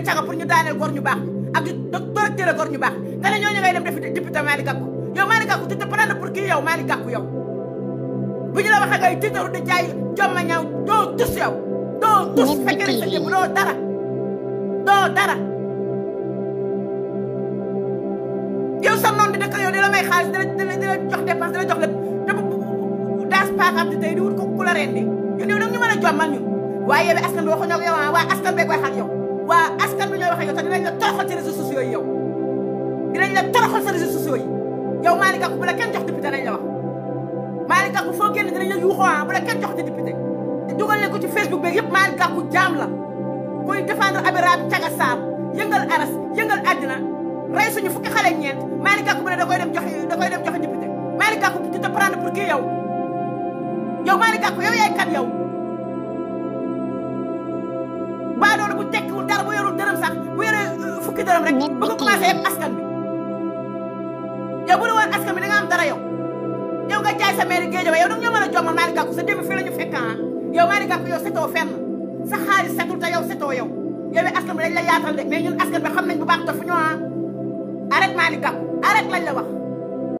jëlee caga pour ñu daaneel góor ñu baax ak di docteur góor ñu di jaay jomma doo tus yow doo tus fekkee sa jëm la may xaalis dina dina jox dépense daas paaxaam di di wut ko ku la rendi ñun yow nag ñu mën a jommal ñun waaye yow askan bi waxuñoo ak yow ah waa askan bee koy xal yow toroxal ci réseaux sociaux yi yow dinañ la toroxal sa réseaux sociaux yi yow Malick Gakou bu la kenn jox député lañ la wax Malick Gakou foo génn dinañ la yuuxoo ah bu la kenn jox député te dugal leen ko ci Facebook beeg yëpp Malick Gakou jaam la koy défendre Abira bi caga saam yëngal aras yëngal àddina rey suñu fukki xale ñeent Malick Gakou bu ne da koy dem joxe da koy dem joxe député Malick Gakou tu te prendre pour kii yow yow Malick Gakou yow yaay kat yow dërëm bu dul woon askan bi nga am dara yow yow nga jaay sa mairie géej yow da nga mën a jommal Malick sa démb fii la ñu fekk ah yow Malick Gakou yow setoo fenn sa xaalis setul te yow setoo yow yow askan bi dañ la yaatal de mais ñun askan bi xam nañ bu baax te fu ñu ah arrête Malick Gakou arrête lañ la wax